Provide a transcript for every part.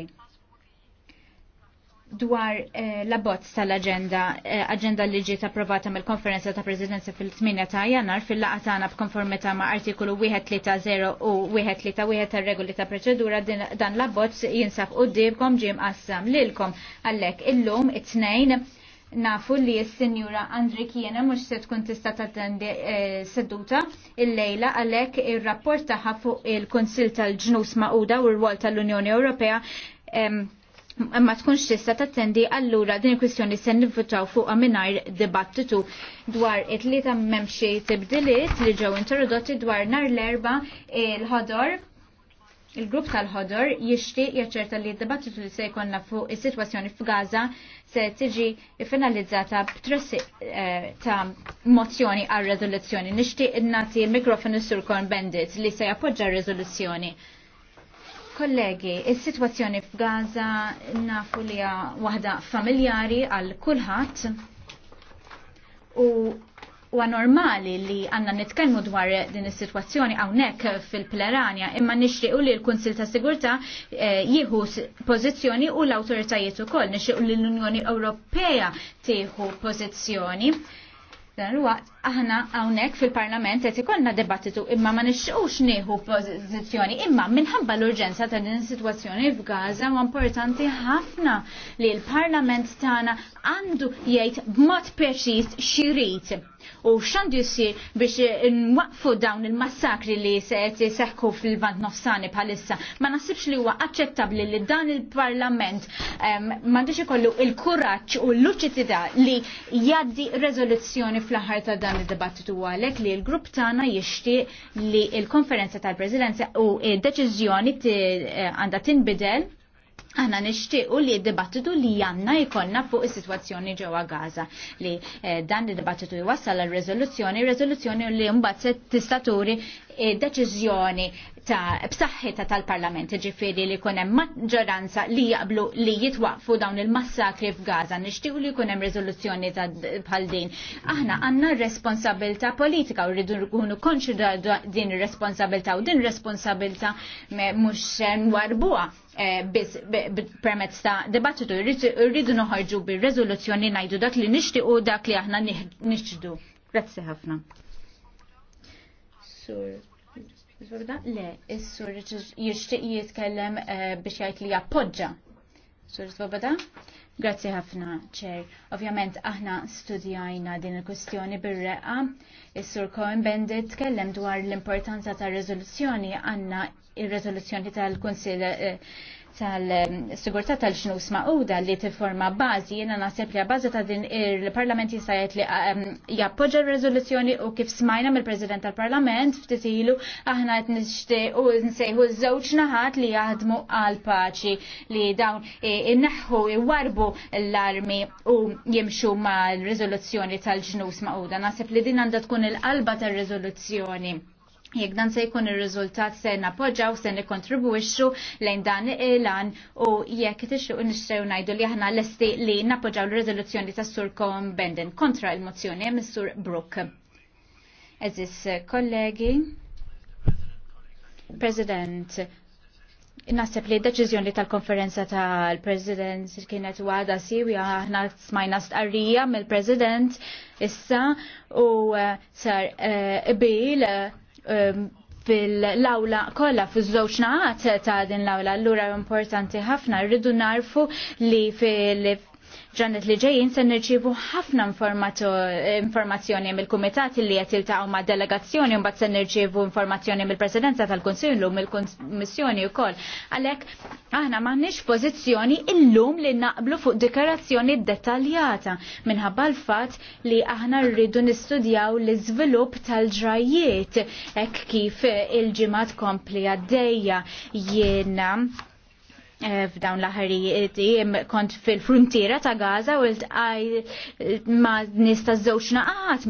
membri dwar eh, l-abbozz tal-agenda, eh, agenda li ġiet approvata mill-konferenza ta' Presidenza fil-8 ta' jannar fil-laqa tagħna b'konformità ma' artikolu 130 u 131 tar-regoli ta' proċedura dan l-abbozz jinsab qudiemkom ġiem qassam lilkom għalhekk illum it-tnejn nafu li s-senjura Andri Kiena mux se tkun tista tattendi eh, seduta il-lejla għalek il-rapport taħħa fuq il-Konsil tal-ġnus Mauda u r-wol tal-Unjoni Ewropea ma tkunx tista tattendi allura din il-kwistjoni se nivvutaw fuq minar dibattitu dwar it-tlieta memxie tibdiliet li ġew introdotti dwar nar l-erba il-ħodor Il-grupp tal-ħodor jixtieq jaċċerta li d-dibattitu li se jkollna fuq is-sitwazzjoni f'Gaza se tiġi finalizzata b'trossi eh, ta' mozzjoni għal rezoluzzjoni. Nixtieq nagħti l-mikrofonu sur Korn Bendit li se jappoġġa r-riżoluzzjoni. Kollegi, is-sitwazzjoni f'Gaza nafu li waħda familjari għal kulħadd u u normali li għanna nitkelmu dwar din is-sitwazzjoni hawnhekk fil-pleranja imma nixtiequ li l-Kunsil ta' Sigurtà eh, jieħu pożizzjoni u l-awtoritajiet ukoll nixtiequ li l-Unjoni Ewropea tieħu pożizzjoni. Dan waqt aħna hawnhekk fil-Parlament qed ikollna dibattitu imma ma nixtiequx nieħu pożizzjoni imma minħabba l-urġenza ta' din is-sitwazzjoni f'Gaza huwa importanti ħafna li l-Parlament tagħna għandu jgħid b'mod preċiż xirid u xandu jisir biex nwaqfu dawn il-massakri li seħku fil-vant nofsani bħalissa. Ma nasibx li huwa aċċettabli li dan il-parlament m'għandux ikollu il-kuraġġ u l-luċità li jaddi rezoluzzjoni fl-aħħar ta' dan id debattitu għalhekk li l-grupp tagħna jixtieq li l-konferenza tal prezidenza u d deċiżjoni eh, għandha tinbidel Għana nishtiqu li d-dibattitu li janna jikonna fuq is-situazzjoni ġewwa Gaza li eh, dan id-dibattitu jwassal għal-rezoluzzjoni, rezoluzzjoni li mbagħad tista' turi eh, deċiżjoni ta' b'saħħita tal-Parlament ġifieri li jkun hemm maġġoranza li jaqblu li jitwaqfu dawn il-massakri f'Gaza. Nixtiequ li jkun hemm riżoluzzjoni ta' bħal din. Aħna għandna responsabilità politika u rridu nkunu konxi din ir-responsabilità u din ir-responsabilità mhux Eh, biss permezz ta' debattitu. rridu noħarġu bir rezoluzzjoni ngħidu dak li nixtiequ dak li aħna nixtidu. Grazzi ħafna. Sur. Le, is-sur jixtieq jitkellem eh, biex jgħid li jappoġġa. Sur Svoboda? Grazzi ħafna, ċer. Ovvjament, aħna studjajna din il-kustjoni bir-reqa. Is-Sur Cohen Bendit tkellem dwar l-importanza ta' rezoluzzjoni għanna il rezoluzzjoni tal-Kunsil eh, tal sigurta tal-ġnus maquda li t-forma bażi jiena naħseb li għabazi ta' din il-Parlament jista' li ehm, jappoġġa r-riżoluzzjoni u kif smajna mill-President tal-Parlament ftit ilu aħna qed nixtiequ nsejħu żewġ naħat li jaħdmu għal paċi li dawn inneħħu jwarbu l-armi u jimxu ma' l-riżoluzzjoni tal-ġnus maquda. Naħseb li din għandha tkun il-qalba tar-riżoluzzjoni jekk dan se jkun ir-riżultat se napoġaw, se nikkontribwixxu lejn dan il-lan u jekk tixtiequ nixtrew ngħidu li aħna lesti li napoġaw l-riżoluzzjoni tas Sur Cohen Benden kontra il-mozzjoni mis sur Brook. Eżis kollegi, President, Naħseb li d-deċiżjoni tal-konferenza tal-President kienet għada u aħna smajna stqarrija mill-President issa u eh, sar eh, bil Um, fil-lawla kollha fiż-żewġ naħat ta' din l-awla allura importanti ħafna rridu narfu li fil ġannet li ġejjin se nirċievu ħafna informazzjoni mill-kumitat li qed jiltaqgħu ma' delegazzjoni u mbagħad se nirċievu informazzjoni mill-Presidenza tal-Kunsillu mill-Kummissjoni wkoll. Għalhekk aħna m'għandniex pożizzjoni illum li naqblu fuq dikarazzjoni dettaljata minħabba l-fatt li aħna rridu nistudjaw l-iżvilupp tal-ġrajiet hekk kif il-ġimgħat kompli għaddejja jiena Eh, f'dawn l-aħarijiet kont fil-frontiera ta' Gaza u l-tqaj ma nista żewġ naqat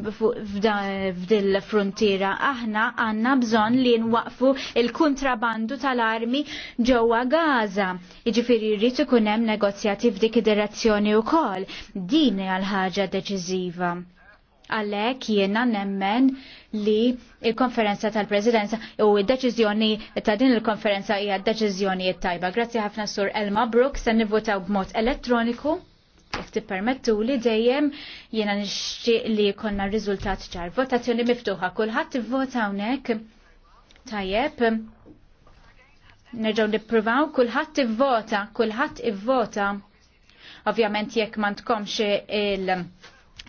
f'dil-frontiera. Aħna għanna bżon li nwaqfu il-kontrabandu tal-armi ġewwa Gaza. Iġifieri jrid ikun hemm negozjati f'dik id-direzzjoni wkoll. Din għal ħaġa deċiżiva. Għalek jiena nemmen li il-konferenza tal-presidenza u id-deċizjoni ta' din il-konferenza hija deċizjoni tajba. Grazzi ħafna sur Elma Brooks, se nivvotaw b'mod elettroniku jek permettu li dejjem jiena nixtieq li konna riżultat ċar. Votazzjoni miftuħa, kulħadd ivvota hawnhekk. Tajjeb, nerġaw nippruvaw, kulħadd tivvota, kulħadd ivvota. Ovvjament jekk ma il-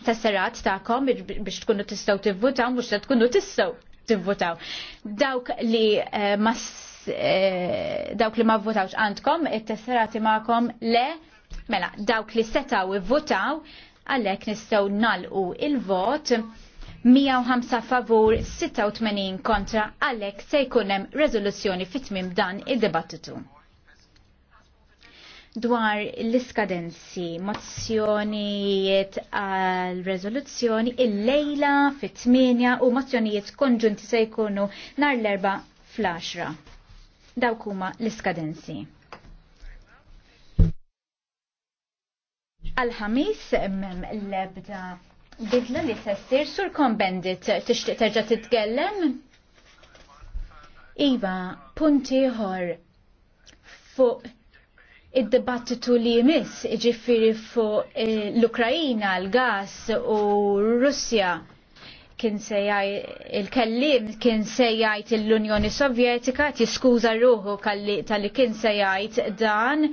tas-serat tagħkom biex tkunu tistgħu tivvutaw mhux se tkunu tistgħu tivvutaw. Dawk li eh, eh, dawk li ma vvutawx għandkom it tesserat magħkom le mela dawk li setaw ivvutaw għalhekk nistgħu nalqu il-vot 105 favur 86 kontra għalhekk se jkun hemm fit-tmim dan id-dibattitu dwar l-iskadenzi, mozzjonijiet għal rezoluzzjoni il-lejla fit-8 u mozzjonijiet konġunti se jkunu nar l-erba fl-10. Dawkuma l-iskadenzi. Għal-ħamis, l-ebda bidla li s-sessir sur kombendit tixtiq terġa titkellem? Iva, punti ħor fuq id-dibattitu li jmiss ġifiri fuq eh, l-Ukrajina, l-gas u Russja kien sejjaj il-kellim kien sejjajt l-Unjoni Sovjetika tiskuża ruħu tal-li kien sejjajt dan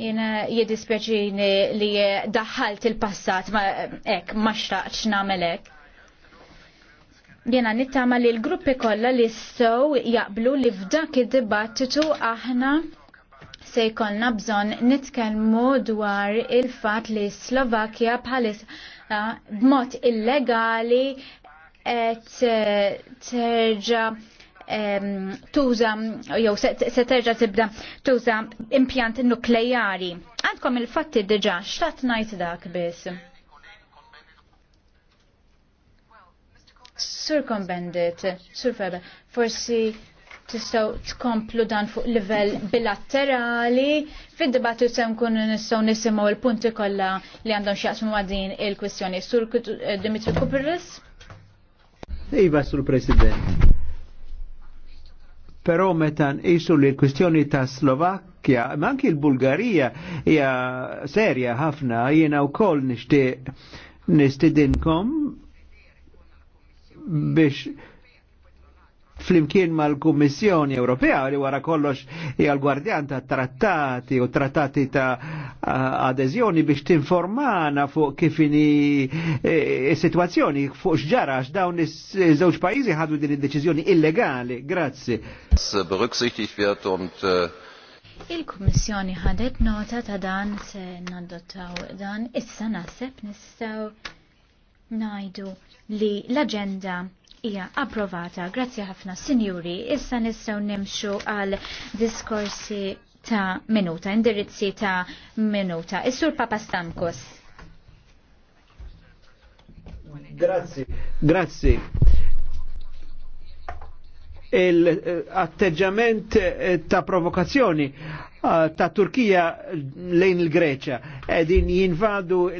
jina jidispeċini li daħalt il-passat ma ek ma xtaqx namelek. Jena nittama li l-gruppi kollha li jistgħu jaqblu li f'dak id-dibattitu aħna se jkollna bżonn nitkellmu dwar il-fatt li Slovakkja bħalis ah, b'mod illegali qed eh, terġa' ehm, tuża jew se terġa' tibda tuża impjant nukleari. Għandkom il-fatti diġà x'tat ngħid dak biss. Sur Kombendit, Sur Febe, forsi tistgħu tkomplu dan fuq livell bilaterali. Fid-dibattu se nkunu nistgħu nisimgħu l-punti kollha li għandhom x'jaqsmu ma' din il-kwistjoni. Sur eh, Dimitri Kupiris. Iva, sur President. Però meta isu li l-kwistjoni ta' Slovakkja, ma anki l-Bulgarija hija serja ħafna, jiena wkoll nixtieq nistidinkom biex flimkien mal-Kummissjoni Ewropea li wara kollox hija l-gwardjan ta' trattati u trattati ta' adeżjoni biex tinformana fuq kif inhi e, e, situazzjoni fuq x'ġara għax dawn iż-żewġ pajjiżi ħadu din id-deċiżjoni illegali. Grazzi. Äh, Il-Kummissjoni ħadet nota ta' dan se nadottaw dan issa naħseb nistgħu ngħidu li l-aġenda hija approvata. Grazzi ħafna, Signori. Issa nistgħu nimxu għal diskorsi ta' minuta, indirizzi ta' minuta. Is-sur Papa Stamkos. Grazzi, grazzi. Il-atteġġament eh, eh, ta' provokazzjoni eh, ta' Turkija lejn il-Greċa edin jinvadu